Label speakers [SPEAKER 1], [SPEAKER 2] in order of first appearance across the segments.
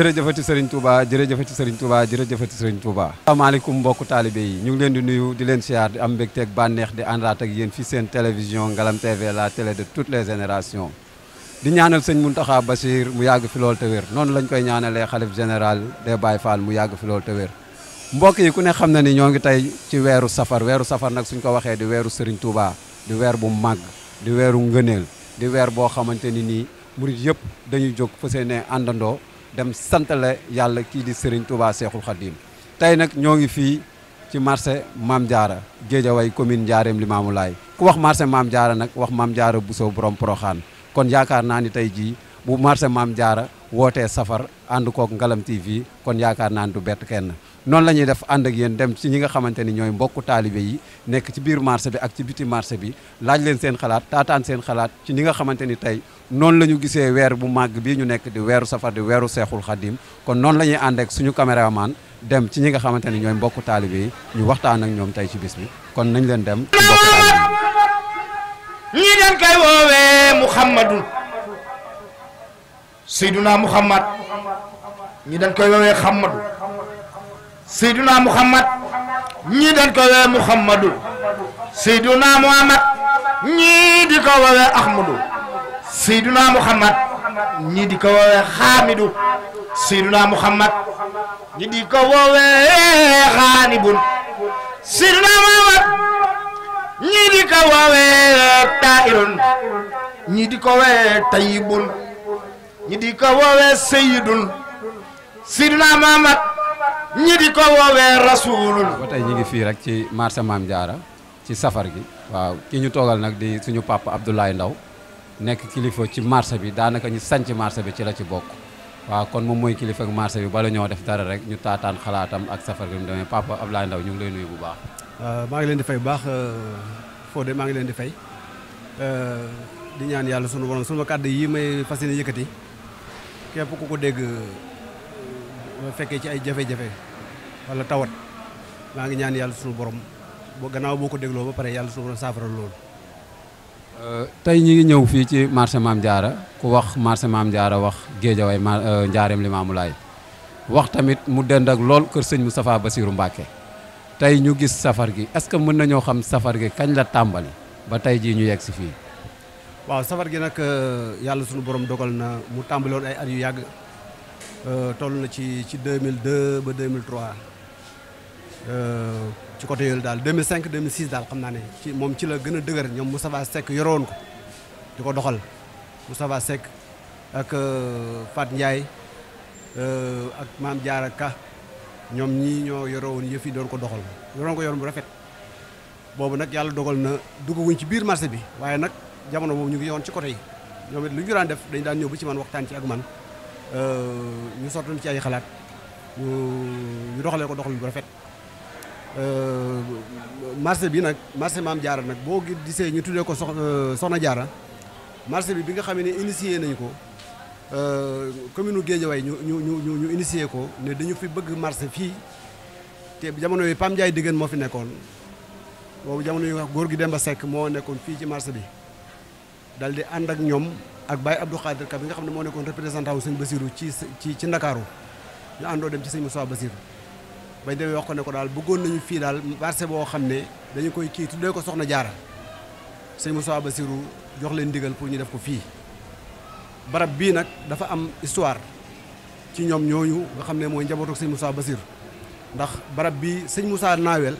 [SPEAKER 1] jërëjëfati Serigne Touba jërëjëfati Serigne Touba jërëjëfati Serigne Touba asalaamaaleykum mbokku taalibe yi ñu ngi leen di nuyu di leen siyaar di am mbégteeg bànneex di àndaat ak yéen fi seen télévision Ngalam TV la tele de toutes les générations di ñaanal sëñ Mountakha Bachir mu yàgg fi lool te wér noonu lañ koy ñaanalee xalif général des baay faal mu yàgg fi lool te wér mbokk yi ku ne xam na ni ñoo ngi tey ci weeru safar weeru safar nag suñ ko waxee di weeru Serigne Touba di weer bu màgg di weeru ngëneel di weer boo xamante ni nii murit yëpp dañuy jóg fa seen àndandoo dem santale yàlla kii di Serigne Touba Cheikhul Khadim tey nag ñoo ngi fii ci marché Mame Diarra Guédiawaye commune Ndiarème Limamoulaye ku wax marché maam Diarra nag wax Mame Diarra Bousso borom Porokhane kon yaakaar naa ni tey jii bu marché maam jaara wootee safar ànd kook Ngalam TV kon yaakaar naa ni du bett kenn non la def and ak yeen dem ci ñi nga xamanteni ñoy mbokk talibé yi nek ci biir marché bi ak ci biti marché bi laaj leen seen xalaat tataan seen xalaat ci ñi nga xamanteni tay non lañu la wër bu mag bi ñu nek di wëru safar di wëru cheikhul khadim kon non la and ak suñu cameraman dem ci ñi nga xamanteni ñoy mbokk talibé yi ñu waxtaan ak ñom tay ci bis bi kon nañ leen dem ñi dañ kay wowe muhammadu sayyiduna muhammad
[SPEAKER 2] ñi dañ koy wowe khamadu seyduna muhammad ñii dañ ko wee muhammadu seyduna muhammad ñii di ko woowee ahmadu seyduna muhammad ñii di ko woowee xaamidu seyduna muhammad ñii di ko woowee xaanibun seyduna muhammad ñii di ko woowee tairun ñii di ko woowee tayibun ñii di ko woowee seyidun seyduna muhammad ñi di ko woowee rasulul
[SPEAKER 1] ba tey ñu ngi fii rek ci marché Maam Jaara ci safar gi waaw kii ñu toogal nag di suñu papa Abdoulaye Ndaw nekk kilifa ci marché bi daanaka ñu sanc marché bi ci la ci bokk waaw kon moom mooy kilifa ak marché bi bala ñoo def dara rek ñu taataan xalaatam ak safar gi mu demee papa Abdoulaye Ndaw ñu ngi lay nuyu bu baax
[SPEAKER 3] euh, maa ngi leen di fay bu baax euh, de maa ngi leen di fay euh, di ñaan yàlla sunu borom sunu kàdd yi may fas yéene yëkkati képp ku dégg fekkee ci ay jafe wala tawat ma ngi ñaan yalla suñu borom bo gannaaw boko deglo ba pare yalla suñu borom safara lool euh
[SPEAKER 1] tay ñi ngi ñew fi ci marché mam Jaara ku wax marché mam Jaara wax geedja way euh, Njaareem Limaamu lay wax tamit mu dend ak lool keur seigne mustapha basirou mbake tay ñu gis safar gi est-ce que mën nañoo xam safar gi kañ la tàmbali ba tay ji ñu yegg si fii.
[SPEAKER 3] waaw safar gi nak euh, yalla suñu borom dogal na mu tambalon ay at yu yag yàgg euh, toll na ci ci 2002 ba 2003. ci côté yooyu daal 2005 2006 daal xam naa ne ci moom ci la gën a dëgër ñoom Moustapha Seck yoroon ko di ko doxal mu Moustapha Seck ak euh, Fat Ndiaye euh, ak Maam Diarra Ka ñoom ñii ñoo yoroon yëf yi doon ko doxal yoroon ko yoroon bu rafet boobu nag yàlla dogal na dugg duggaguñ ci biir marché bi waaye nag jamono boobu ñu ngi yoon ci côté yi ñoom it lu ñu daan def dañ daan ñëw ba ci man waxtaan ci ak man euh, ñu sottoon ci ay xalaat ñu doxalee ko doxal bu rafet. Euh, marché bi nag marché maam jaara nag boo gisee ñu tuddee ko sox euh, soxna jaara marché bi bi nga xam ne initié nañ ko euh, commune u Guédiawaye ñu ñu ñu ñu initié ko ne dañu fi bëgg marché fii te jamono yi Pam Ndiaye Digeen moo fi nekkoon boobu jamono yi wax góor gi dem ba sekk moo nekkoon fii ci marché bi dal di ànd ak ñoom ak Baye Abdou Khadir Ka bi nga xam ne moo nekkoon représentant wu sëñ Basirou ci ci ci Ndakaaru ñu àndoo dem ci sëñ Moussa Basirou bañ demee wax ko ne ko daal bëggoon nañu fii daal marché boo xam ne dañu koy kii tuddee ko soxna jaara sëñ musaa Bassirou jox leen ndigal pour ñu def ko fii barab bii nag dafa am histoire ci ñoom ñooñu nga xam ne mooy njabootu sëñ musaa Bassirou ndax barab bi sëñ Moussa Naawel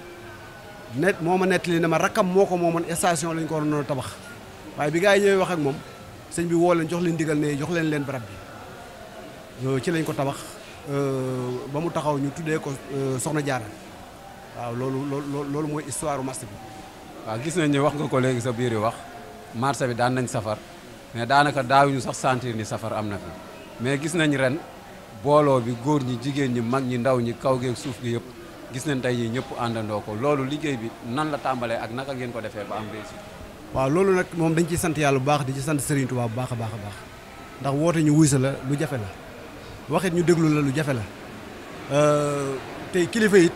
[SPEAKER 3] net moo ma nettali ne ma rakkam moo ko moomoon station lañ ko waroon a tabax waaye bi gaa yi ñooy wax ak moom sëñ bi woo leen jox leen digal ne jox leen leen barab bi ci lañ ko tabax Euh, ba mu taxaw ñu tuddee ko euh, Soxna Jaara waaw loolu loolu loolu mooy histoire marché
[SPEAKER 1] bi. gis nañ ne wax nga ko léegi sa biir wax marché bi daan nañ safar mais daanaka daawuñu sax sentir ni safar am na fi mais gis nañ ren booloo bi góor ñi jigéen ñi mag ñi ndaw ñi kaw geeg suuf gi yëpp gis nañ tey ñii ñëpp àndandoo ko loolu liggéey bi nan la tàmbalee ak naka ngeen ko defee ba am réussite.
[SPEAKER 3] waaw loolu nag moom dañ ciy sant yàlla bu baax di ci sant Serigne Touba bu baax a baax a baax ndax woote ñu wuy sa la lu jafe la. waxit ñu déglu la lu jafe la euh, tey kilifa yit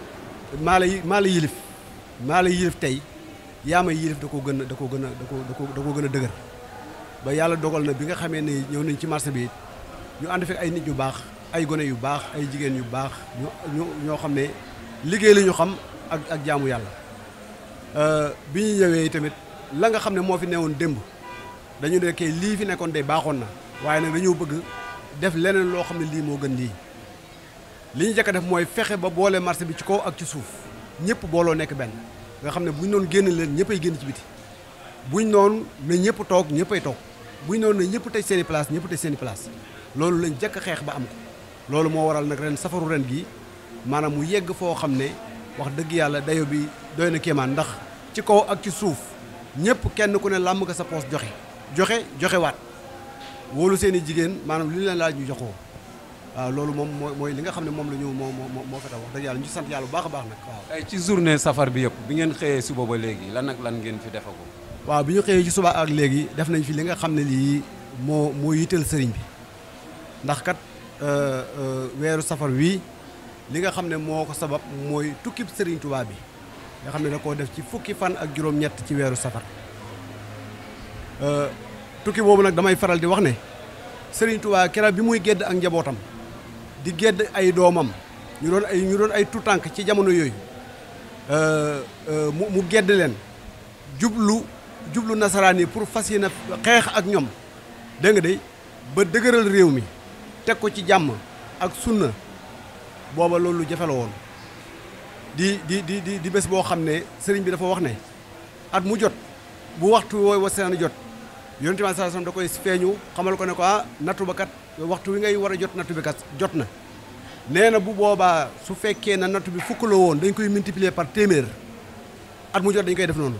[SPEAKER 3] maa la maa la yilif maa la yilif tey yaama may yilif da ko gën a da koo gën a da koo da koo gën a dëgër ba yàlla dogal na bi nga xamee ne ñëw nañ ci marché bi it ñu ànd fekk ay nit yu baax ay gone yu baax ay jigéen yu baax ñu ñoo xam ne liggéey la ñu xam ak ak jaamu yàlla euh, bi ñu ñëwee tamit la nga xam ne moo fi neewoon démb dañu nekkee lii fi nekkoon de baaxoon na waaye nag dañoo bëgg def leneen loo xam ne lii moo gën lii li ñu jëkk def mooy fexe ba boole marché bi ci kaw ak ci suuf ñëpp booloo nekk benn nga xam ne buñ ñu doon génn leen ñëppay génn ci biti buñ noonu na ñëpp toog ñëppay toog buñ noonu na ñëpp tey seen i place ñëpp tëj seen i loolu lañ jëkk xeex ba am ko loolu moo waral nag ren safaru ren gi maanaam mu yegg foo xam ne wax dëgg yàlla dayo bi doy na kéemaan ndax ci kaw ak ci suuf ñëpp kenn ku ne làmm ko sa poos joxe joxe joxe woolu seeni jigéen maanaam li leen laa ñu jox ko waaw loolu moom mooy mooy li nga xam ne moom la ñu moo moo moo wax dëgg yàlla ñu sant yàlla bu a baax nag waaw.
[SPEAKER 1] tey ci journée safar bi yëpp bi ngeen xëyee suba ba léegi lan ak lan ngeen fi ko
[SPEAKER 3] waaw bi ñu xëyee ci suba ak léegi def nañ fi li nga xam ne lii moo moo yitteel sëriñ bi ndax kat euh, euh, weeru safar wii li nga xam ne moo ko sabab mooy tukkib sëriñ tubaab bi nga xam ne da koo def ci fukki fan ak juróom-ñett ci weeru safar. Euh, tukki boobu nag damay faral di wax ne sëriñ Touba keral bi muy gedd ak njabootam di gedd ay doomam ñu doon ay ñu doon ay tutànk ci jamono yooyu euh, euh, mu mu gedd leen jublu jublu nasaraan yi pour fas yéene xeex ak ñoom dégg nga de ba dëgëral réew mi teg ko ci jàmm ak sunna booba loolu jafe la woon di di di di bés boo xam ne sëriñ bi dafa wax ne at mu jot bu waxtu wooy wasaan jot yonent bi sallallahu alayhi da koy feeñu xamal ko ne ko ah nattu ba kat waxtu wi ngay war a jot nattu bi kat jot na nee na bu boobaa su fekkee na nattu bi fukk la woon dañ koy multiplier par téeméer at mu jot dañ koy def noonu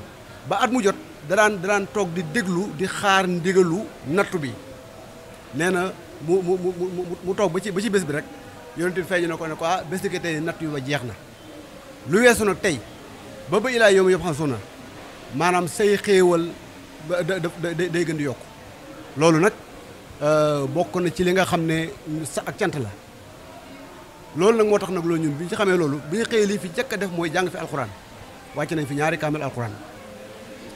[SPEAKER 3] ba at mu jot daraan daraan toog di déglu di xaar ndigalu nattu bi nee na mu mu mu mu toog ba ci ba ci bés bi rek yonent bi feeñu na ko ne ko ah bés ki tey nattu yi ba jeex na lu weesu nag tey ba ba ilaa yow mi yëpp xam maanaam say xéewal day gën di yokku loolu nag euh, bokk na ci li nga xam ne sa ak cant la loolu nag moo tax nag loolu ñun bi ñu ci xamee loolu bi ñu xëyee lii fi jëkk a def mooy jàng fi alxuraan wàcc nañ fi ñaari kaamil alxuraan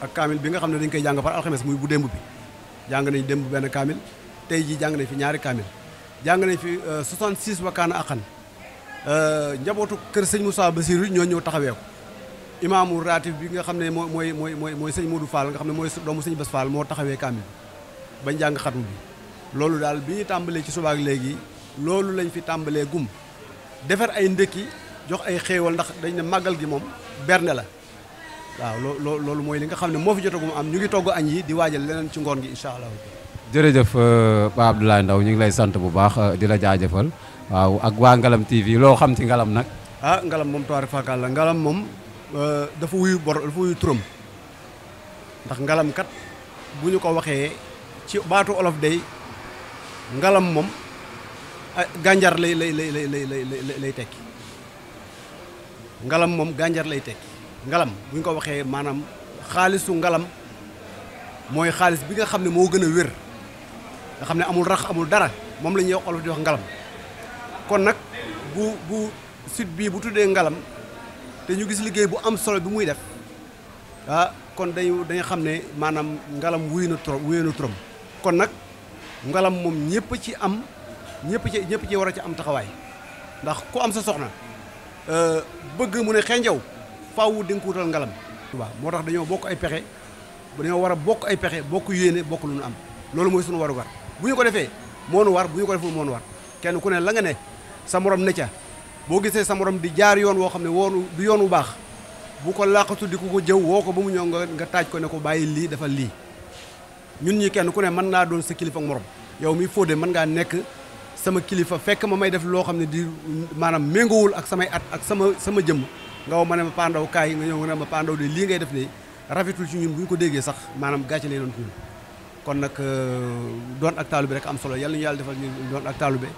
[SPEAKER 3] ak kaamil bi nga xam ne dañ koy jàng par alxames muy bu démb bi jàng nañ démb benn kaamil tey jii jàng nañ fi ñaari kaamil jàng nañ fi 66 wakaana axan njabootu kër sëñ Moussa Basirou ñoo ñëw taxawee ko imaamu raatib bi nga xam ne moo mooy mooy mooy mooy sëñ Modou Fall nga xam ne mooy doomu sëñ Bass Fall moo taxawee kaamil bañ jàng xatmu bi loolu daal bi tàmbalee ci subaak léegi loolu lañ fi tàmbalee defar ay ndëkki jox ay xéewal ndax dañ ne màggal gi moom berne la waaw loo loolu mooy li nga xam ne moo fi jotagum am ñu ngi togg añ yi di waajal leneen ci ngoon gi incha allah.
[SPEAKER 1] jërëjëf Pape euh, Abdoulaye ndaw ñu ngi lay sant bu baax euh, di la jaajëfal waaw ak waa Ngalam TV loo xam ci Ngalam nag.
[SPEAKER 3] ah Ngalam moom Touare Fakal la Ngalam moom. Euh, dafa wuyu bor dafa wuyu turam ndax ngalam bu ñu ko waxee ci baatu olof day ngalam moom gànjar lay lay lay lay lay lay tekki ngalam moom gànjar lay tekki ngalam bu ñu ko waxee maanaam xaalisu ngalam mooy xaalis bi nga xam ne moo gën a wér nga xam ne amul rax amul dara moom la ñuy wax olof di wax ngalam kon nag bu bu site bii bu tuddee ngalam te ñu gis liggéey bu am solo bi muy def ah, kon dañu dañu xam ne maanaam ngalam wuy na trop wuy na trop kon nag ngalam moom ñëpp ci am ñëpp ci ñëpp ci war a ci am taxawaay ndax ku am sa soxna euh, bëgg mu ne xenjaw faawu di nga ko wutal ngalam waaw moo tax dañoo bokk ay pexe dañoo war a bokk ay pexe bokk yéene bokk lu nu am loolu mooy suñu waru war bu ñu ko defee moonu war bu ñu ko deful moonu war kenn ku ne la nga ne sa moroom ne ca boo gisee sa morom di jaar yoon woo xam ne woonu du yoon wu baax bu ko làqatu di ko ko jëw woo ko ba mu ñëw nga nga taaj ko ne ko bàyyi lii dafa lii ñun ñi kenn ku ne mën naa doon sa kilifa morom yow mi Fodé man ngaa nekk sama kilifa fekk ma may def loo xam ne di maanaam méngowul ak samay at ak sama sama jëmm nga woo ma ne ma pandaw kaay nga ñëw nga ne ma pandaw de lii ngay def de rafetul ci ñun bu ñu ko déggee sax maanaam gàcce lay doon kon nag euh, doon ak taalube rek am solo yàlla yàlla defal ñu doon ak taalube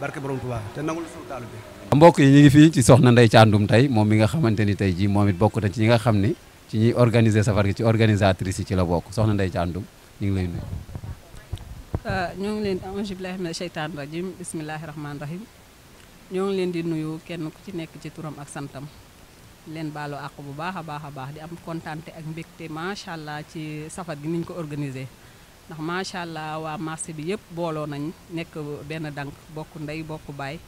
[SPEAKER 3] barke borom Tuubaa te nangul suñu taalube
[SPEAKER 1] mbokk yi ñu ngi fii ci soxna Ndeye Thiandoum tey moom mi nga xamante ni tey jii moom it bokk na ci ñi nga xam ne ci ñuy organiser safar gi ci organisatrice yi ci la bokk soxna Ndeye Thiandoum ñu ngi lay nuyu.
[SPEAKER 4] Euh, ñoo ngi leen auzu billaahi mina sheytaani rajiim bismillaahi rahmaani rahiim ñoo ngi leen di nuyu kenn ku ci nekk ci turam ak santam leen baalo àq bu baax a baax a baax di am kontaante ak mbégte macha allah ci safar gi niñ ko organiser. ndax macha allah waa marché bi yëpp booloo nañ nekk benn dank bokk ndey bokk baay.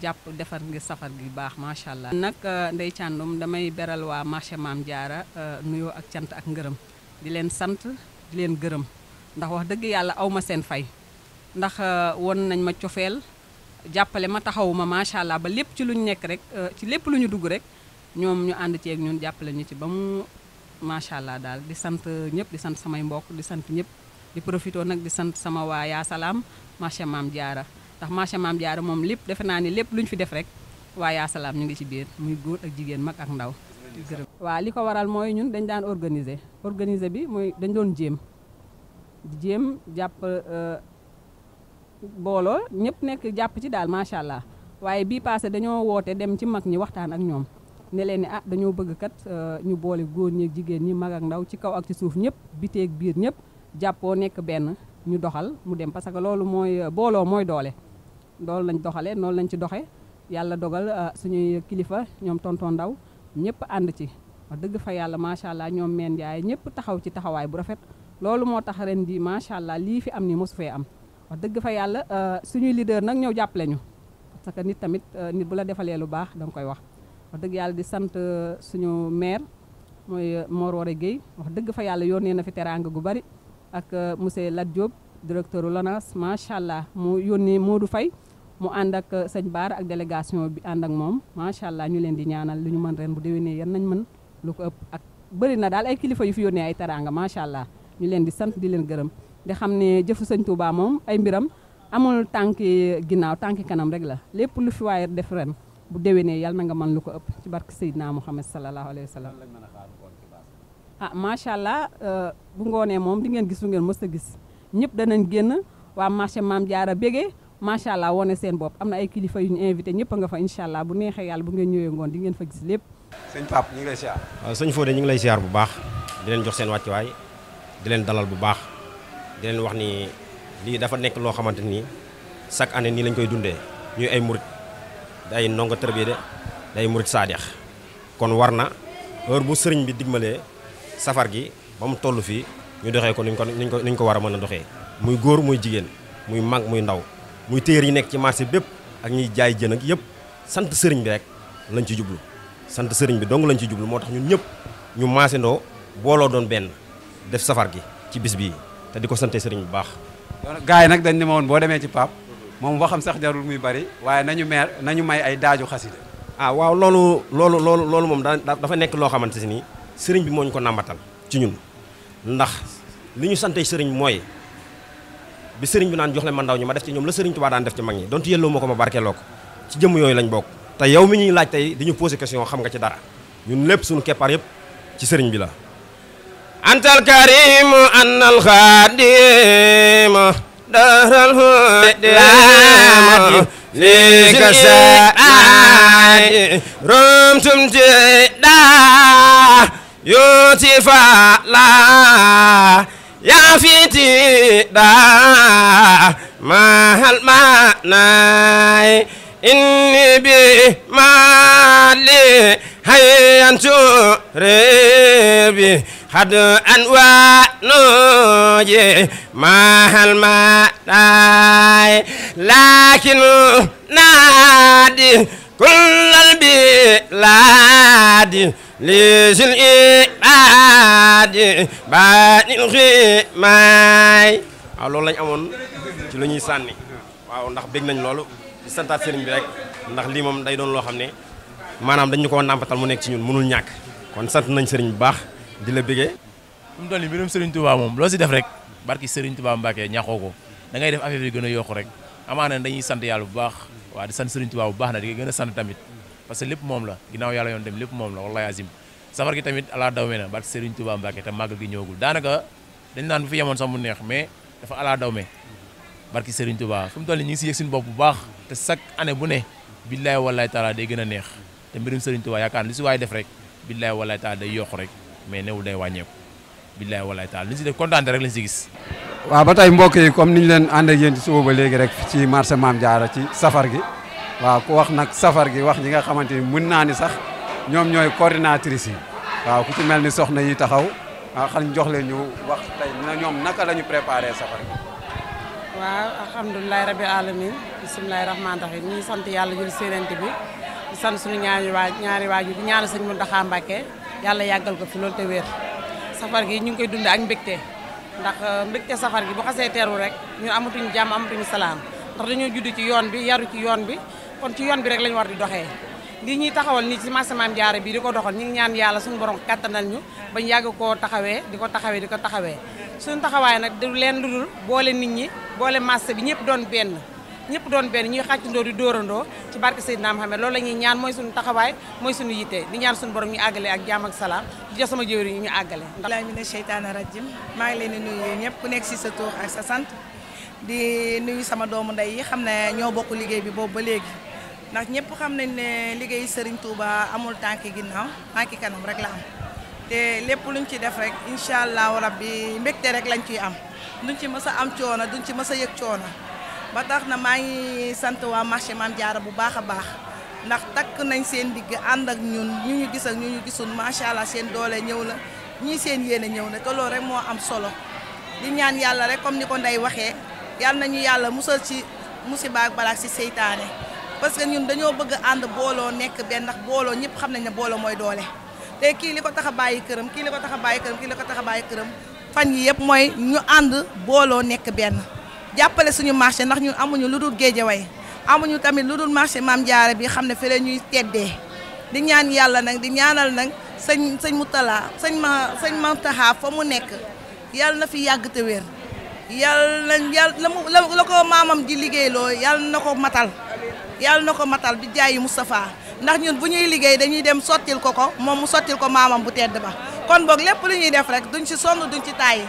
[SPEAKER 4] japp defar nga safar gi baax macha allah. nag euh, Ndeye Thiandoum damay beral wa marché mam Diarra euh, nuyo ak tiant ak ngeureum di len sante di len geureum ndax wax deug yalla awma sen fay ndax euh, won nañ ma ciofel jappale ma taxawuma macha allah ba lepp ci lu nyuam rek ci lepp luñu ñu dugg rek ñom ñu ci ak ñun jappale ñu ci ba mu allah di sante ñep di sante samay mbokk di sante ñep di profito nak di sante sama wa ya salam marché mam ndax marché Maam Jaara moom lépp defe naa ni lépp lu ñu fi def rek waaye Yaa Salaam ñu ngi ci biir muy góor ak jigéen mag ak ndaw waaw li ko waral mooy ñun dañ daan organiser organiser bi mooy dañ doon jéem jéem jàpp euh, booloo ñëpp nekk jàpp ci daal macha allah waaye bii passé dañoo woote dem ci mag ñi waxtaan ak ñoom ne leen ni ah dañoo bëgg kat euh, ñu boole góor ñeek jigéen ñi mag ak ndaw ci kaw ak ci suuf ñëpp biteeg biir ñëpp jàppoo nekk benn ñu doxal mu dem parce que loolu mooy euh, booloo mooy doole loolu lañ doxalee noonu lañ ci doxee yàlla dogal ah, suñuy kilifa ñoom tonton ndaw ñëpp ànd ci wax dëgg fa yàlla macha allah ñoom meen yaay ñëpp taxaw ci taxawaay bu rafet loolu moo tax ren di macha allah lii fi am ni mosu fee am wax dëgg fa yàlla ah, suñuy leader nag ñëw jàppale ñu parce que nit tamit ah, nit bu la defalee lu baax da nga koy wax wax dëgg yàlla di sant suñu maire mooy Mor Waré Guèye wax dëgg fa yàlla yónnee na fi teraanga gu bari ak monsieur Lat Diop directeur lanas machallah mu yoni Modou fay mu and ak eh, seigne bar ak délégation bi and ak mom machallah ñu leen di ñaanal lu mën ren bu déwénee yan nañ mën lu ko ëpp ak bari na dal ay kilifa yu fi yoni ay taranga machallah ñu leen di sant di leen gërëm di xamne ne seigne Touba mom ay mbiram amul tanki ginnaaw tànki kanam rek la lepp lu fi waye def ren bu déwénee yal na nga mën lu ko ëpp ci barke Seydina Muhammad sallallahu Alaihi Wasallam. ah machallah euh bu ngone mom di ngeen gis ngeen gis ñëpp danañ wa wa marché mam jaara bégee macha allah wone seen bop amna ay kilifa yu ñu invité ñëpp nga fa inshallah allah bu nexé yalla bu ngeen ñëwé ngon di ngeen fa gis lepp
[SPEAKER 1] señ pap ñi ngi lay ziar
[SPEAKER 5] señ Fodé ñi ngi lay ziar bu baax di leen jox seen way di leen dalal bu baax di leen wax ni li dafa nek lo xamanteni ni chaque année nii lañ koy dundé ñuy ay mourid day nonga tërbi dé day mourid sadiq kon warna heure bu señ bi digmalé safar gi bam tollu fi ñu doxé ko niñ ko niñ ko wara mëna doxé muy goor muy jigen muy mag muy ndaw muy téer yi nek ci marché bép ak ñi jaay jën ak yépp sant sëriñ bi rek lañ ci jublu sant sëriñ bi dong lañ ci jublu motax ñun ñëpp ñu ndo bolo doon ben def safar gi ci bis bi té diko sante sëriñ
[SPEAKER 1] bu baax gaay nak dañ néma won bo démé ci pap mom waxam sax jarul muy bari waye nañu mer nañu may ay daaju xasida ah waaw lolu lolu lolu lolu mom dafa nek loo xamanteni
[SPEAKER 5] sëriñ bi moñ ko nàmbatal ci ñun ndax liñu santé sante sëriñ moy, bi sëriñ bi naan jox leen man ndaw ñu ma def ci ñom la sëriñ Tuubaa daan def ci mag ñi donte yelloo ma ko ma barké ko ci jëm yoy lañ bok tay yow mi ñi laaj tay diñu poser question xam nga ci dara ñun lepp suñu képar yépp ci sëriñ bi la antal karim annal xaadim dahral hudim tum je da يوتي فعلا يا فيتي دا ما هل ما ناي إني بي مالي هيا انتو ريبي حد أنواع نوجي ما هل ما ناي لكن نادي كل البلاد لزل إباد باد الخيماي waaw loolu lañ amoon ci nih, ñuy nak waaw ndax bég nañ loolu di santaat sëriñ bi rek ndax lii moom day doon loo xam ne maanaam dañ ñu koo mu ci ñun mënul kon sant nañ sëriñ bu baax di la bégee mu sering mbirum sëriñ Touba si def rek barki sëriñ Touba Mbacke ke ko da ngay def affaire yi gën a rek amaana dañuy sant yàlla bu baax di sant sëriñ Touba bu baax na di tamit parce que lépp moom la ginnaaw yàlla yoon dem lépp moom la wallaay azim safar gi tamit ala daw me na barke Serigne Touba Mbacke te màggal gi ñëwagul daanaka dañ naan bu fi ñu si yëg suñu bu baax te chaque année bu ne billaay wallaay taala day gën a neex te mbirum Serigne Touba yaakaar li si waay def rek billaay wallaay taala day yokk rek mais newul day wàññeeku billaay wallaay taala li si def kontaan rek lañ si gis waaw ba
[SPEAKER 1] tey mbokk yi comme ni ñu leen ànd ak yéen ci suba ba léegi rek ci marché Mame Diarra ci safar waaw ku wax nag safar gi wax ñi nga xamante ni mën naa ni sax ñoom ñooy coordinatrice yi waaw ku ci mel ni soxna yi taxaw ah xan jox leen ñu wax tey na ñoom naka la ñu préparé safar gi.
[SPEAKER 6] waaw alhamdulilah rabi alamin bisimilahi rahmaani rahim ñu ngi sant yàlla jul séenant bi di sant suñu ñaari waa ñaari waaju di ñaanal sëñ Mountakha Mbacké yàlla yàggal
[SPEAKER 4] ko fi loolu te wér
[SPEAKER 6] safar gi ñu ngi koy dund ak mbégte ndax euh, mbégte safar gi bu xasee teeru rek ñu amatuñu jàmm amatuñu salaam ndax dañoo judd ci yoon bi yaru ci yoon bi kon ci yoon bi rek lañ war di doxé li ñi taxawal ni ci marché Mame Diarra bi di ko doxal ñi ñaan yalla suñu borom katanal ñu bañ yag ko taxawé di taxawé diko taxawé suñu taxaway nak du len dudul boole nit ñi boole marché bi ñepp doon ben ñepp doon ñi ñuy ndo di dorando ci barke Seydina Mohamed loolu lañ ñaan moy suñu taxaway moy suñu yité di ñaan suñu borom ñu agalé ak jaam ak salam di jox sama jëwri ñu àggale billahi mina sheytaani rajim ma ngi leen nuyu ñepp ku nekk ci
[SPEAKER 7] sa tour ak sa sante di nuyu sama doomu nday yi xamna ñoo liggéey bi bo ba légui ndax ñëpp xam nañ ne liggéey Serigne Touba amul tànki ginnaaw tànki kanam rek la am te lépp luñ ci def rek incha allahu rabbi mbégte rek lañ ciy am duñ ci mës a am coono duñ ci mës a yëg ba tax na maa ngi sant waa marché Mame bu baax a baax ndax takk nañ seen digg ànd ak ñun ñu ñu gis ak ñu ñu gisul macha allah seen doole ñëw na ñii seen yéene ñëw na te rek moo am solo di ñaan yàlla rek comme ni ko ndey waxee yàlla nañu yàlla musal ci musiba ak balaa si seytaane parce que ñun dañoo bëgg ànd booloo nekk benn ndax booloo ñëpp xam nañ ne booloo mooy doole te kii li ko tax a bàyyi këram kii li ko tax a bàyyi këram kii li ko tax a bàyyi këram fan yi yëpp mooy ñu ànd booloo nekk benn jàppale suñu marché ndax ñun amuñu lu dul way amuñu tamit lu dul marché Maam Jaara bi xam ne fi la ñuy teddee di ñaan yàlla nag di ñaanal nag sëñ sëñ Moutala sëñ ma sëñ Mantaha fa mu nekk yàlla na fi yàgg te wér yàlla na yàlla la ko maamam ji liggéeyloo yàlla na ko matal yàlla na ko matal bi mu Moustapha ndax ñun bu ñuy liggéey dañuy dem sottil ko ko moom mu sottil ko maamam bu tedd ba kon boog lépp lu ñuy def rek duñ ci sonn duñ ci tàyyi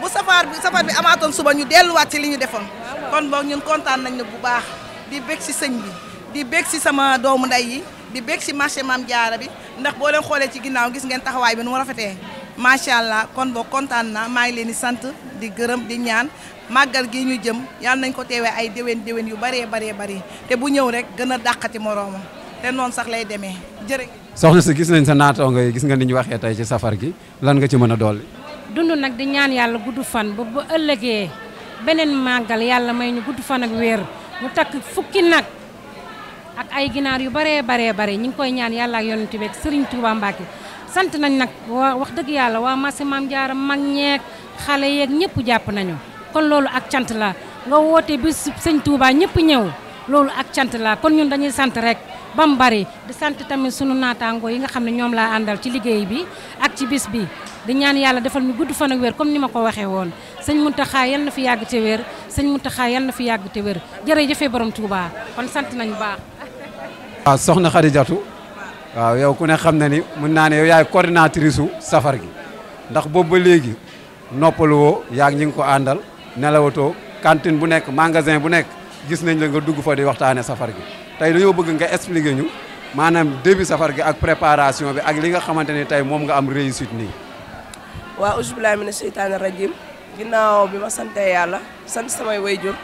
[SPEAKER 7] bu safar bi safar bi amaatoon suba ñu delluwaat ci li ñu defoon kon boog ñun kontaan nañ ne bu baax di bég ci sëñ bi di bég ci sama doomu ndey yi di bég ci marché Maam Jaara bi ndax boo leen xoolee ci ginnaaw gis ngeen taxawaay bi nu mu rafetee macha allah kon boog kontaan na maa ngi leen di sant di gërëm di ñaan magal gi ñu jëm yàlla nañ ko téwé ay déwén déwén yu bari bari bari te bu ñëw rek gëna dakati
[SPEAKER 8] morom té non sax lay démé jëré
[SPEAKER 1] soxna si gis nañ sa naataango nga gis nga ni ñu waxee ci safar gi lan nga ci mëna doli
[SPEAKER 8] dundu nak di ñaan yalla guddu fan bu bu ëllëgee Benen magal yalla may ñu guddu fan ak wër mu tak fukki nak ak ay ginar yu bare bare bare ñing koy ñaan yalla ak yonent bi ak Sëriñ Tuubaa sant nañ nak wax deug yalla wa Jaara mag xalé ñepp japp nañu kon loolu ak cant la nga woote bis sëñ tuubaa ñëpp ñëw loolu ak cant la kon ñun dañuy sant rek ba mu bari di sant tamit sunu naataangoo yi nga xam ne ñoom laa àndal ci liggéey bi ak ci bis bi di ñaan yàlla defal ñu gudd fan ak wér comme ni ma ko waxee woon sëñ Mountakha yal na fi yàgg te wér sëñ Mountakha yal na fi yàgg te wér jërëjëfee borom Touba kon sant nañu baax.
[SPEAKER 1] soxna Khadijatou waaw yow ku ne xam na ni mën naa ne yow yaay coordinatrice su safar gi ndax boobu ba léegi noppalu woo yaa ko àndal. nelawoto cantine bu nek magasin bu nek gis nañ la nga dugg fa di waxtane safar gi tay dañu bëgg nga expliquer ñu manam début safar gi ak préparation bi ak li nga xamanteni tay mom nga am réussite nii
[SPEAKER 7] waaw auzubillahi mina sheytaani rajim ginaaw bi ma sante yalla sante sama wayjur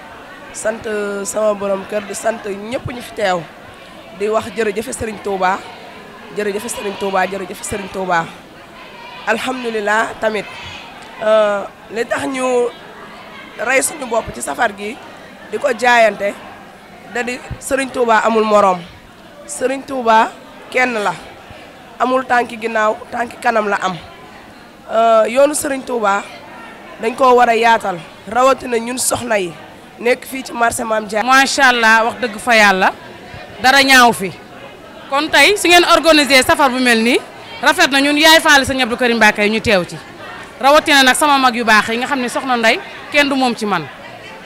[SPEAKER 7] sante euh, sama borom kër di sante ñepp ñu fi tew di wax jërëjëfe serigne Touba jërëjëfe serigne Touba jërëjëfe serigne Touba alhamdullilah tamit euh, li tax ñu ray suñu bop ci safar gi di ko jaayante da di Touba amul morom serigne Touba kenn la amul Tanki ginaaw Tanki kanam la am euh, yoonu serigne Touba dañ ko wara yaatal rawati rawatina
[SPEAKER 8] ñun soxna yi nek fi ci marché maam Dia. sha allah wax deug fa yalla dara ñaaw fi kon tay su ngeen organiser safar bu melni rafet na ñun yaay faali sa Karim bakay ñu tew ci. rawatina nag sama mag yu baax yi nga xam ne soxna Ndey kenn du moom ci man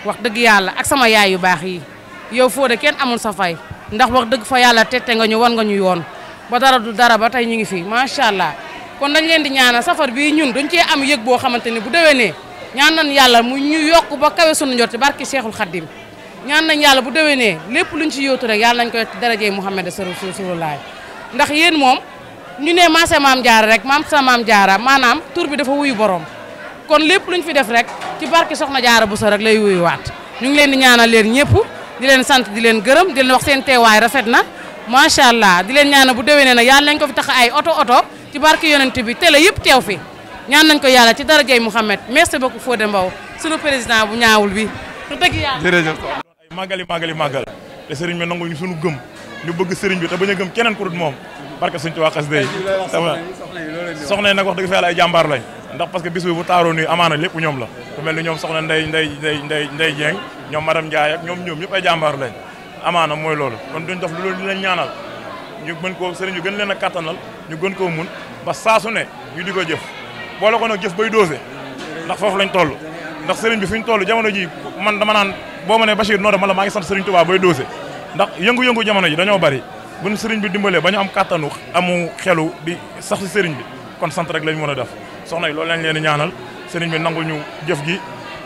[SPEAKER 8] wax dëgg yàlla ak sama yaay yu baax yi yow foo de kenn amul sa fay ndax wax dëgg fa yàlla tette nga ñu wan nga ñu yoon ba dara du dara ba tey ñu ngi fi macha allah kon dañ leen di ñaanal safar bii ñun dañ cee am yëg boo xamante ni bu nee ñaan nañ yàlla mu ñu yokk ba kawe sunu njort barki Cheikhul Khadim ñaan nañ yàlla bu nee lépp lu luñ ci yootu rek yàlla nañ koy darajee Muhammad sa Rasulullah ndax yéen moom ñu ne maase maam jaara rek maam sa maam jaara maanaam tur bi dafa wuyu borom kon lépp lu ñu fi def rek ci barke soxna jaara bu so rek lay wuyu waat ñu ngi leen di ñaanal leen ñëpp di leen sant di leen gërëm di leen wax seen teewaay rafet na macha allah di leen ñaanal bu dewee déwénee na yàlla nañ ko fi tax ay oto oto ci barke yonent bi télé yëpp teew fi ñaan nañ ko yàlla ci darajay Mouhamed merci beaucoup Fodé Mbow sunu président bu ñaawul bi dëgg yàlla
[SPEAKER 5] jërëjëf ay màggali màggali màggal te sëriñ bi nangul ñu sunu gëm ñu bëgg sëriñ bi te bañ a gëm keneen ku dul barke suñ tuwaa xasida yi soxna yi nag wax dëgg fa yàlla ay jàmbaar ndax parce que bis bi bu taaroo nii amaana lépp ñoom la ku mel ni ñoom soxna nday nday nday nday nday Dieng ñoom madame Ndiaye ak ñoom ñoom ñëpp ay jàmbaar lañ amaana mooy loolu kon duñ def loolu dinañ ñaanal ñu mën koo sëriñ ñu gën leen a kattanal ñu gën koo mun ba saasu ne ñu di ko jëf boole ko nag jëf bay doose ndax foofu lañ toll ndax sëriñ bi fi ñu toll jamono ji man dama naan boo ma ne Bachir noo dama la maa ngi sant sëriñ Touba bay doose ndax yëngu-yëngu jamono ji dañoo bari bu ñu sëriñ bi dimbalee ba ñu am kàttanu amu xelu di sax si sëriñ bi kon sant rek lañ mën a def soxna yi loolu lañ leen di ñaanal sëriñ bi nangul ñu jëf gi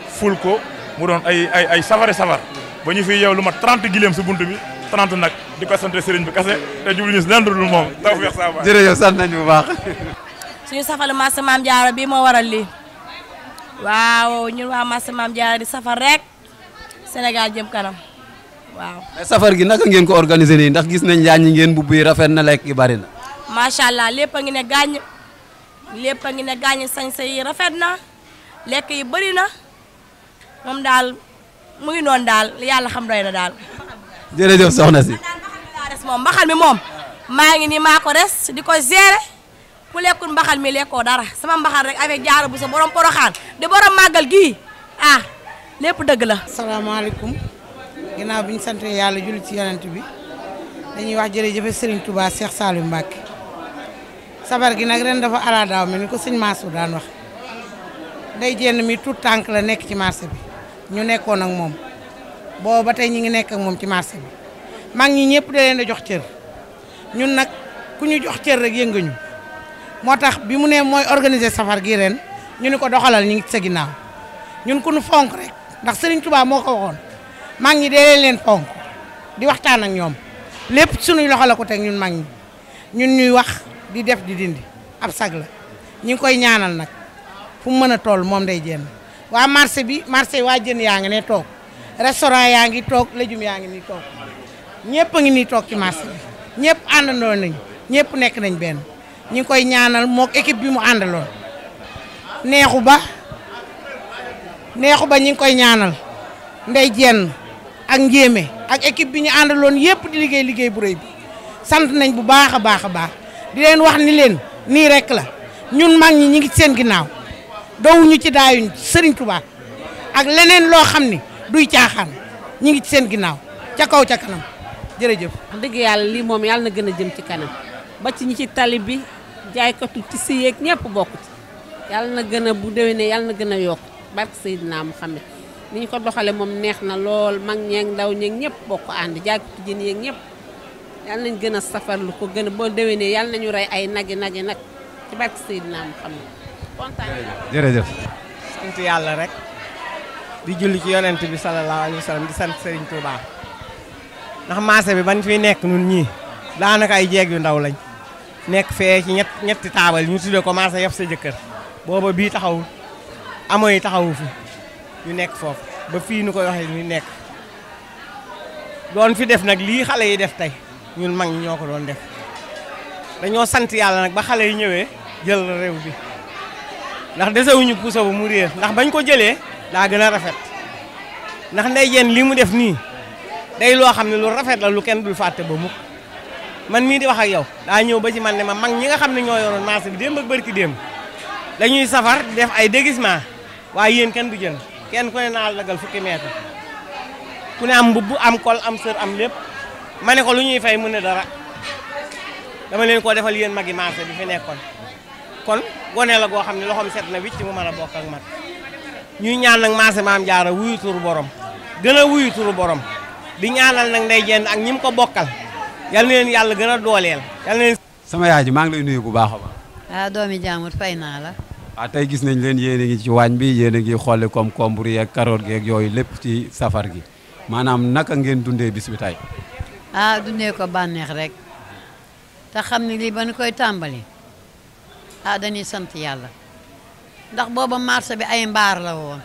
[SPEAKER 5] ful ko mu doon ay ay ay safari safar ba ñu fiy yeew lu mat 30 gileem si bunt bi 30 nak di ko sant sëriñ bi kase te jublu ñu si lenn dul moom taw feex
[SPEAKER 2] saa baax jërëjëf sant nañu bu baax suñu
[SPEAKER 7] safalu marché Maam Jaara bi moo waral lii waaw ñun waa marché Maam Jaara di safar rek Sénégal jëm kanam waaw mais safar gi naka
[SPEAKER 1] ngeen ko organiser nii ndax gis nañ yaaññi ngeen bubb yi rafet na lekk gi bari na
[SPEAKER 7] macha allah lépp a ngi ne gaañ lépp a ngi ne gaañ sañse yi rafet na lekk yi bëri na moom daal mu noon daal yàlla xam doy na daal
[SPEAKER 1] jërëjëf soxna si
[SPEAKER 7] moom mbaxal mi moom maa ngi nii maa ko res di ko gérer ku lekkul mbaxal mi lekkoo dara sama mbaxal rek avec jaaro bu sa borom poroxaan di borom màggal gii ah lépp
[SPEAKER 6] dëgg la asalaamaaleykum ginnaaw bi ñu sant yàlla julli ci yonent bi dañuy wax jërëjëf Serigne Touba Cheikh Saliou Mbacke sabar gi nag ren dafa ala daaw mel ni ko sëñ Mansour daan wax day jenn mi tout tànk la nekk ci marché bi ñu nekkoon ak moom booba ba tey ñu ngi nekk moom ci marché bi mag ñi ñëpp da leen jox cër ñun nag ku ñu jox cër rek yënguñu moo tax bi mu ne mooy organiser safar gi ren ñu ni ko doxalal ñu ngi ci sa ginnaaw ñun ku ñu fonk rek ndax Serigne tubaa moo ko Mangi ñi dee leen fonk di waxtaan ak ñoom lépp suñuy loxo la ko teg ñun mag ñi ñun ñuy wax di def di dindi ab sag la koi koy ñaanal nag fu mu toll day wa marché bi marché wajen jën yaa ne tok restaurant yaa tok toog légume yaa ngi tok toog ñëpp nyep ngi nii toog ci marché bi ñëpp àndandoo nañ ñëpp nek nañ ben ñu koy ñaanal bi mu anan neexu ba neexu ba kuba koy ñaanal ndey jenn ak njéeme ak équipe bi ñu andalon yépp di liggéey liggéey bu reuy bi sant nañ bu baaxa baaxa baax di leen wax ni leen ni rek la ñun mag ñi ñi ngi seen ginnaaw dowuñu ci daayu serigne touba ak leneen lo xamni ni duy caaxaan ñi ngi ci seen ginnaaw ca kaw ca kanam jere wax deug yalla
[SPEAKER 4] li mom yalla na gëna jëm ci kanam ba ci ñi ci tali bi tu ci si yeeg ñëpp ci yalla na gëna bu bu ne yalla na gëna yok barke sayyidina Muhammad ni ñu ko doxale moom neex na lool mag ñeeg ndaw ñeeg ñëpp bokk ànd jàkk jën yeeg ñëpp yal nañ gën a safarlu ko gën a boo déwénee yal nañu rey ay nag nagi nag ci barke Seydina Muhammad kontaan
[SPEAKER 1] jërëjëf
[SPEAKER 9] sant yàlla rek di julli ci yonent bi sallallahu alayhi wa sallam di sant Serigne Touba ndax marché bi ban fiy nekk nun ñii daanaka ay jeeg yu ndaw lañ nekk fee ci ñett ñetti taabal ñu tuddee ko marché yëpp sa jëkkër booba bii taxawul amoy taxawu fi ñu nekk foofu ba fii nu koy waxee ñu nekk doon fi def nag lii xale yi def tey ñun mag ñi ñoo ko doon def dañoo sant yàlla nag ba xale yi ñëwee jël réew bi ndax desewuñu puso bu mu réer ndax bañ ko jëlee daa gën a rafet ndax ndey jeen li mu def nii day loo xam ne lu rafet la lu kenn dul fàtte ba mukk man mii di wax ak yow daa ñëw ba ci man ne ma mag ñi nga xam ne ñoo yoroon marché bi démb ak bërki dañuy safar def ay déguisement waaye yéen kenn du jënd kenn ku ne naa lagal fukki mètre ku ne am mbubb am kol am sër am lépp ma ne ko lu ñuy fay mu ne dara dama leen koo defal yéen magi marché bi fi nekkoon kon gone la goo xam ne loxoom set na wicc mu man a bokk ak mat ñuy ñaan nag marché maam jaara wuyu borom gën a wuyu turu borom di ñaanal nag nday jend ak ñim ko bokkal
[SPEAKER 1] yal na leen yàlla gën a dooleel yal na sama yaay ji maa ngi lay nuyu bu baax a
[SPEAKER 10] ah, doomi jaamur fay naa la.
[SPEAKER 1] waaw ah, tey gis nañ leen yéen a ngi ci waañ bi yéen a ngi xoole comme combre yeeg karoot geeg yooyu lépp ci safar gi maanaam naka ngeen dundee bis bi
[SPEAKER 10] ah dundee ko bànneex rek te xam ni lii ba koy tàmbali ah dañuy sant yàlla ndax booba marché bi ay mbaar la woon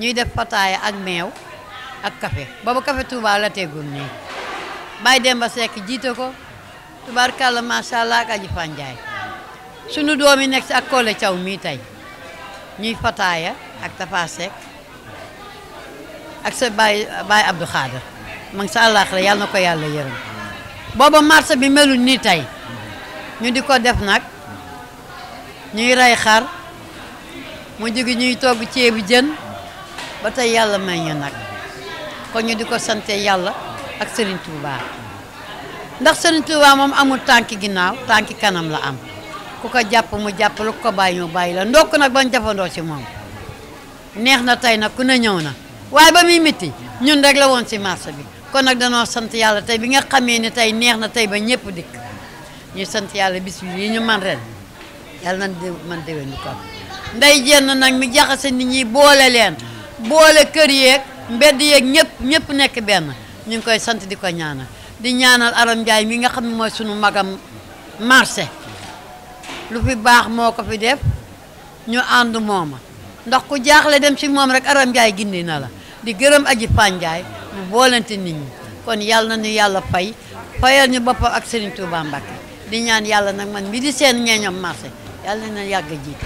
[SPEAKER 10] ñuy def pataaya ak meew ak kafe booba café Touba la tegul nii Baye Demba Seck jiite ko tubaarkàlla macha allah ak aji sunu doomi nek ci ak Collé ciow mi tay ñuy fataaya ak Tafa Seck ak sa bay bay Abdou Khader ma ngi sa àllaaxira yàlla na ko yàlla yërëm booba marché bi melu ni tay ñu diko def nak ñuy ray xar mu jigi ñuy togg ba tay yalla may ñu nak kon ñu diko ko sante yalla, ak Serigne Touba ndax Serigne Touba mom amul tanki ginnaaw tanki kanam la am ku ko jàpp mu jàpp lu ko bàyyi mu bàyyi la ndokk nag bañ jafandoo ci moom neex na tey nag ku ne ñëw na waaye ba muy mitti ñun rek la woon ci marché bi kon nag danoo sant yàlla tey bi nga xamee ne tey neex na tey ba ñëpp dikk ñu sant yàlla bis yi ñu man ren yàlla nañ man déwén ko nday jenn nag mi jaxase ni ñi boole leen boole kër yeeg mbedd yeeg ñëpp ñëpp nekk benn ñu ngi koy sant di ko ñaanal di ñaanal Aram Ndiaye mi nga xam ne mooy sunu magam marché lu fi bax moko fi def ñu and mooma ndax ku jaaxle dem ci mom rek aram jaay ginné na la di gërëm aji pànjaay bu boolante nit ñi kon yalla ñu yalla fay fayal ñu bop ak Serigne Touba Mbacké di ñaan yalla nak man mi di seen ñeñam marché yalla na yagg jiite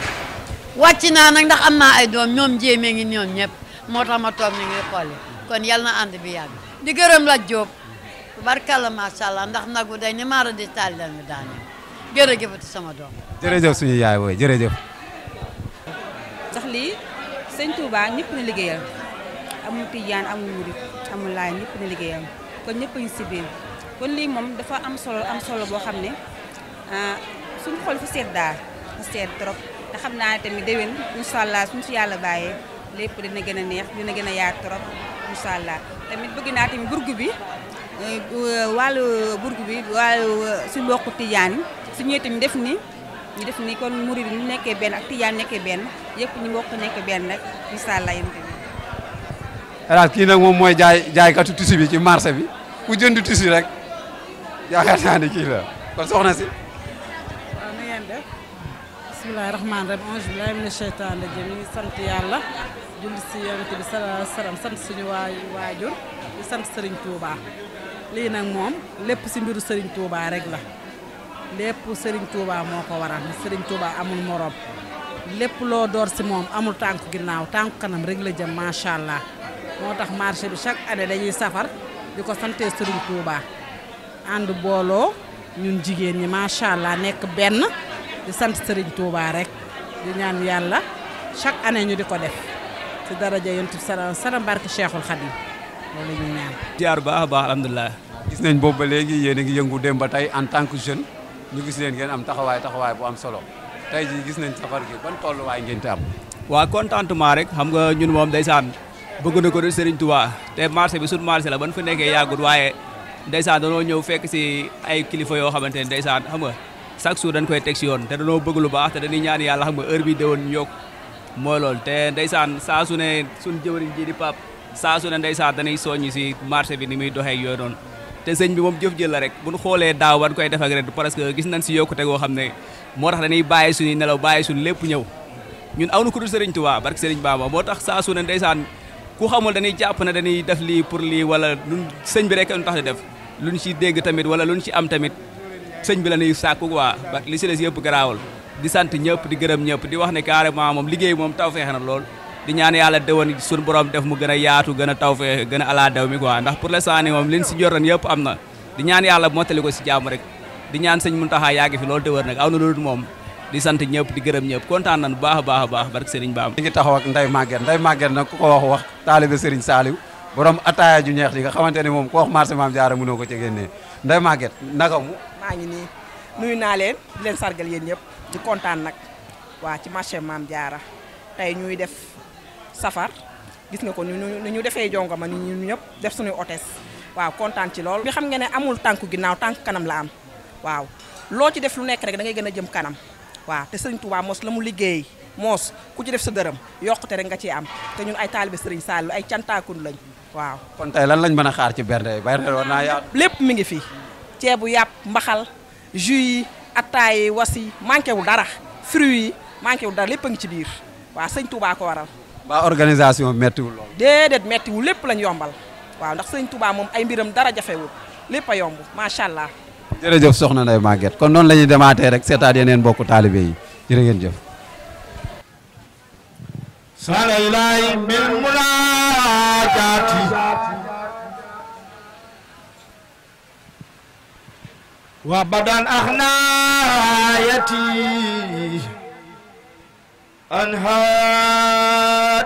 [SPEAKER 10] wacc na nak ndax amna ay doom ñom jéme ngi ñom ñep motax ma toom ngi kon yalla na and bi yagg di gërëm la barkala ma sha allah ndax nagu day ni mara di taal la jërëjëfati sama doom.
[SPEAKER 1] jërëjëf suñu yaay booy jërëjëf.
[SPEAKER 10] ndax lii sëñ Touba ñëpp na liggéeyal
[SPEAKER 4] amul tijaan amul murit amul laay ñëpp na liggéeyal kon ñëpp si biir kon lii moom dafa am solo am solo boo xam ne ah, suñu xol fu seet daal fu seet trop te xam naa ne tamit déwén incha allah suñu si yàlla bàyyee lépp dina gën a neex dina gën a yaar trop incha allah tamit bëgg naa tamit burgu bi eh, eh, wàllu burgu bi wàllu eh, si mbokku tijaan suñu ñëwee def ni ñu def ni kon mourid ñu nekké ben ak tijaan nekké ben yépp ñu bokk nekké ben nak inshallah allah yéen
[SPEAKER 1] ala ki nak mom moy jaay jaay jaaykatu tissu bi ci marché bi ku jënd tissu rek yaakaar naa ki la kon soxna ci waaw
[SPEAKER 8] na def sant bi sant suñu di sant Serigne Touba mbiru Serigne lépp Serigne Touba moo ko waral Serigne Touba amul morom lépp loo door si moom amul tànku ginnaaw tànku kanam rek la jëm macha allah moo tax marché bi chaque année dañuy safar di ko sante Serigne Touba ànd booloo ñun jigéen ñi macha allah nekk benn di sant Serigne Touba rek di ñaan yàlla chaque année ñu di ko def ci daraja yontu salaam salaam barke Cheikhul Khadim loolu la ñuy ñaan.
[SPEAKER 11] jaar baax a baax alhamdulilah. gis
[SPEAKER 1] nañ boobu ba léegi yéen a ngi yëngu dem ba tey en tant que jeune. ñu gis leen ngeen am taxawaay taxawaay bu am solo tey jii gis nañ
[SPEAKER 11] safar gi ban tolluwaay ngeen te am. waaw contentement rek xam nga ñun moom ndeysaan bëgg na ko de Serigne Touba te marché bi suñu marché la ban fa nekkee yàggut waaye ndeysaan danoo ñëw fekk si ay kilifa yoo xamante ne ndeysaan xam nga chaque jour dañ koy teg si yoon te danoo bëgg lu baax te dañuy ñaan yàlla xam nga heure bi déwoon ñu yokk mooy loolu te ndeysaan saa su ne suñu jëwriñ ji di pap saa su ne ndeysaan dañuy soññ si marché bi ni muy doxee yooyu noonu te sëñ bi moom jëf jël la rek bu nu xoolee daaw ban koy def ak ren parce que gis nañ si yokkute goo xam ne moo tax dañuy bàyyi suñuy nelaw bàyyi suñ lépp ñëw ñun aw na ku dul sëriñ Tuubaa barke sëriñ Bamba moo tax saa su ne ndeysaan ku xamul dañuy jàpp ne dañuy def lii pour lii wala luñ sëñ bi rek lu tax di def si dégg tamit wala luñ si am tamit sëñ bi la ñuy sàkku quoi li si des yëpp garaawul di sant ñëpp di gërëm ñëpp di wax ne carrément moom liggéey moom taw feexe na lool di ñaan yàlla déwén suñu borom def mu gën a yaatu gën a taw fee gën a alaa daw mi ndax pour l'instant ni moom liñ si jotoon yëpp am na di ñaan yàlla mottali ko si jàmm rek di ñaan sëñ Muntaxa yàgg fi loolu déwén nag aw na loolu moom di sant ñëpp di gërëm ñëpp kontaan nañu baax a baax a baax barke Serigne Bamba li ngi taxaw ak Ndeye Maguette Ndeye Maguette wax wax taalibe Serigne
[SPEAKER 1] Saliou borom nga xamante ne moom ku wax marché Maam Jaara mënoo ko ci génnee Ndeye Maguette naka mu
[SPEAKER 7] maa ngi nii nuyu naa leen di leen sargal yéen ñëpp di kontaan nag waa ci marché Maam Jaara tey ñuy def safar gis nga ko ni ñu ni ñu defee jongoma ni ñu ñëpp def suñuy hôtesse waaw kontaan ci lool mi xam nga ne amul tànku ginnaaw tànk kanam la am waaw loo ci def lu nekk rek dangay gën a jëm kanam waaw te sëriñ Touba moos la mu liggéey moos ku ci def sa dërëm yokkute rek nga ciy am te ñun ay taalibe sëriñ Saliou ay cantaakun lañ waaw. kon tey lan
[SPEAKER 1] lañ mën a xaar ci bernde bernde war naa yaatu. lépp mu ngi fii
[SPEAKER 7] ceebu yàpp mbaxal jus yi attaay yi was yi manqué wul dara fruits manqué wul dara lépp a ngi ci biir waaw sëñ Touba ko mbaa
[SPEAKER 1] organisation méttiwul
[SPEAKER 7] déedéet méttiwul lépp lañ yombal waaw ndax sëñ Touba moom ay mbiram dara jafewul lépp yomb macha allah.
[SPEAKER 1] jërëjëf soxna Ndeye Maguette kon noonu lañuy ñuy demaatee rek seetaat yeneen mbokku taalibe yi jërë ngeen jëf.
[SPEAKER 2] أنهار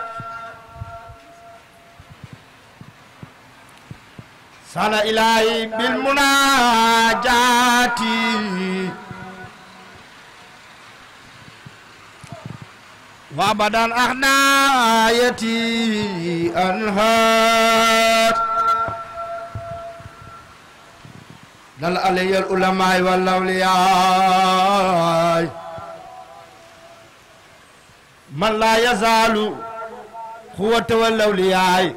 [SPEAKER 2] سال إلهي بالمناجات وابدا أحنايتي أنهار دل علي العلماء والأولياء من لا يزال قوة والأولياء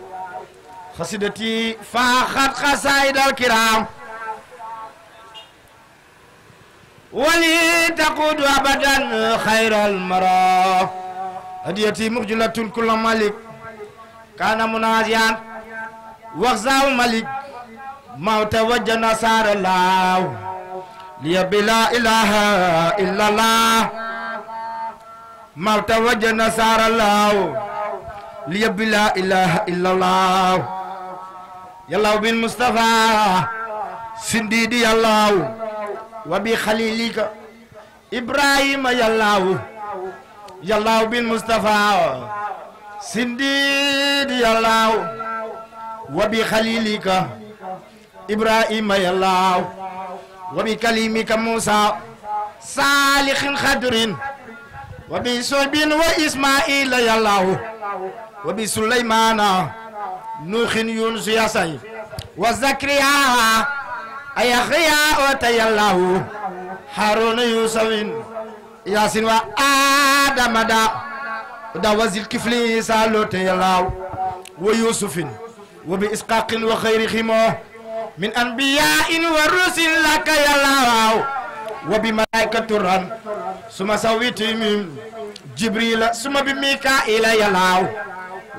[SPEAKER 2] قصيدتي فاخت قصائد الكرام ولي تقود أبدا خير المرا هديتي مخجلة كل مالك كان منازيا وغزاو مالك ما توجه نصار الله بلا إله إلا الله martawaja nasara law li bila ilaha ya yalla bin mustafa sindidi yalla ya wa wabi khalilika ibrahim ya yalla ya bin mustafa sindidi yalla ya wa wabi khalilika ibrahim ya wa wabi kalimika musa salihin khadrin wa bi soybin wa ismaila yallahu wa bi sulaymana nuuxin yunus yasay wa zakriya ayaxriya ota yallahu haruna yusawin yasin wa adama da da wasil kifli salote yallahu wa yusufin wa bi isqaqin wa xayri min anbiya'in wa rusul laka yallahu wabi malaika turan suma sawiti jibril suma bi ila ya law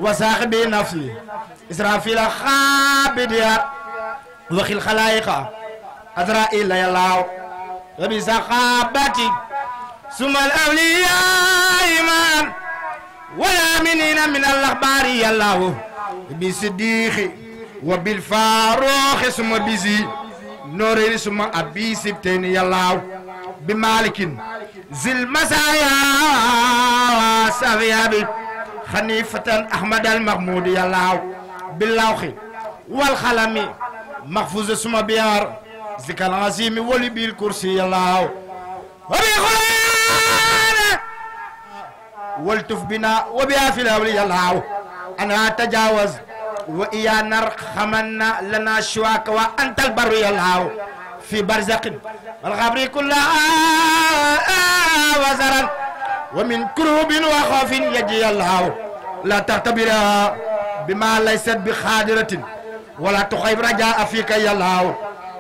[SPEAKER 2] wa sahibi nafsi israfil khabid ya wa khil khalaiqa adra ila ya law wabi sahabati suma al-awliya iman wala minina min al-akhbari ya law bi sidikhi wa bil farukh suma bizi nori suma abisi ya law بمالك زل المزايا سافيا بي خنيفة أحمد المغمود الله باللوخي والخلمي محفوظ اسم بيار ذكر العظيم ولي بالكرسي وبي وبيقولان والتف بنا وبها في الأولي الله أنا أتجاوز وإيا نرخمنا لنا شواك وأنت البر الله في برزق الغبر كلها وزرا ومن كروب وخوف يجي الله لا تعتبر بما ليست بخادرة ولا تخيب رجاء فيك يا الله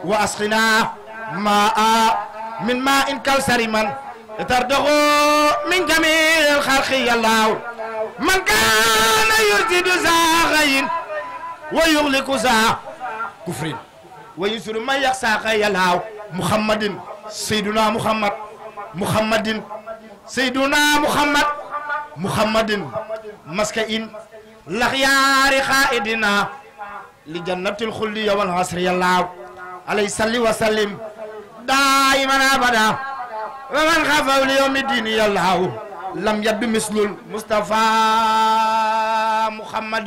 [SPEAKER 2] وأسقنا ماء من ماء كالسر من تردغ من جميع الخلق يا الله من كان يرتد زاغين ويغلق زاغ كفرين ويسر ما يخساق يلهاو محمد سيدنا محمد محمد سيدنا محمد محمد مسكين لخيار قائدنا لجنة الخلد يوم الحصر يلهاو عليه الصلاة والسلام دائما أبدا ومن خافه ليوم الدين يلهاو لم يب مثل المصطفى محمد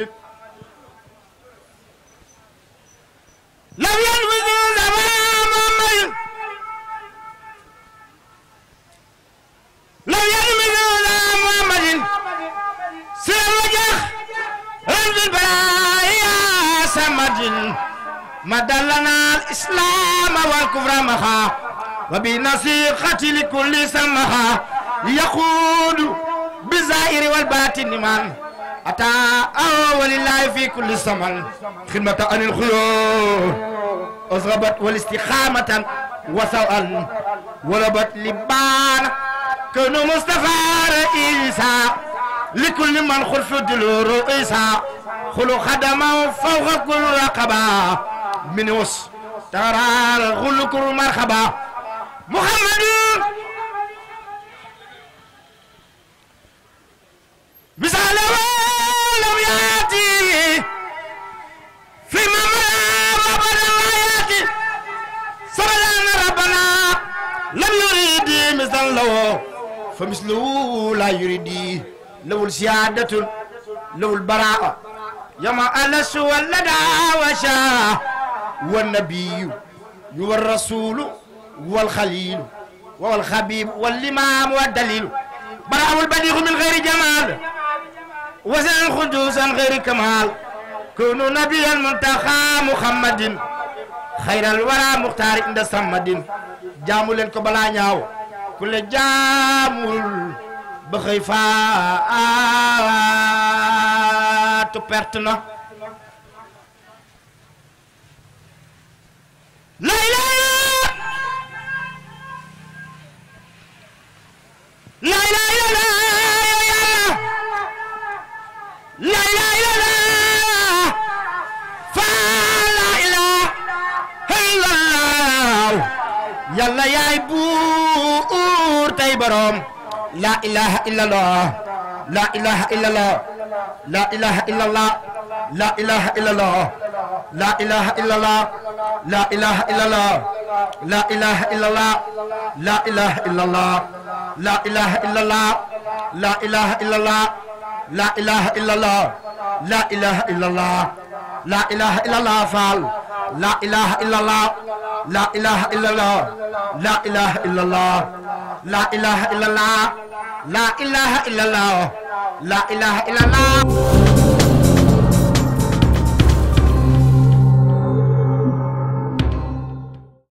[SPEAKER 2] لم يلبثوا تماما لم يلبثوا تماما سر الوجه رمز البرايا سمد مدلنا الإسلام والكفر مخا وبنصيقة لكل سمها يقود بالظاهر والباطن من أتا أو آه، ولله في كل سمل خدمة عن الخيور أزغبت والاستخامة وسؤال وربت لبان كنو مصطفى رئيسا لكل من خلف دلو رئيسا خلو خدما فوق كل رقبة من وس ترى الغل كل مرحبا محمد مثال له فمثله لا يريدي له السيادة له البراءة يما أنس ولدا وشاء والنبي والرسول والخليل والخبيب والإمام والدليل براء البديع من غير جمال وزن الخدوس عن غير كمال كونوا نبيا منتخى محمد خير الورى مختار عند سمد جامو لين كبلا نياو ku la jaamul ba xëy perte na lay lay lay lay lay يلا يا بور تاي بروم لا اله الا الله لا اله الا الله لا اله الا الله لا اله الا الله لا اله الا الله لا اله الا الله لا اله الا الله لا اله الا الله لا اله الا الله لا اله الا الله لا اله الا الله لا اله الا الله laa ilaha illallah faal laa ilaha illallah laa ilaha illallah laa ilaha illallah laa ilaha illallah laa ilaha illallah laa ilaha illallah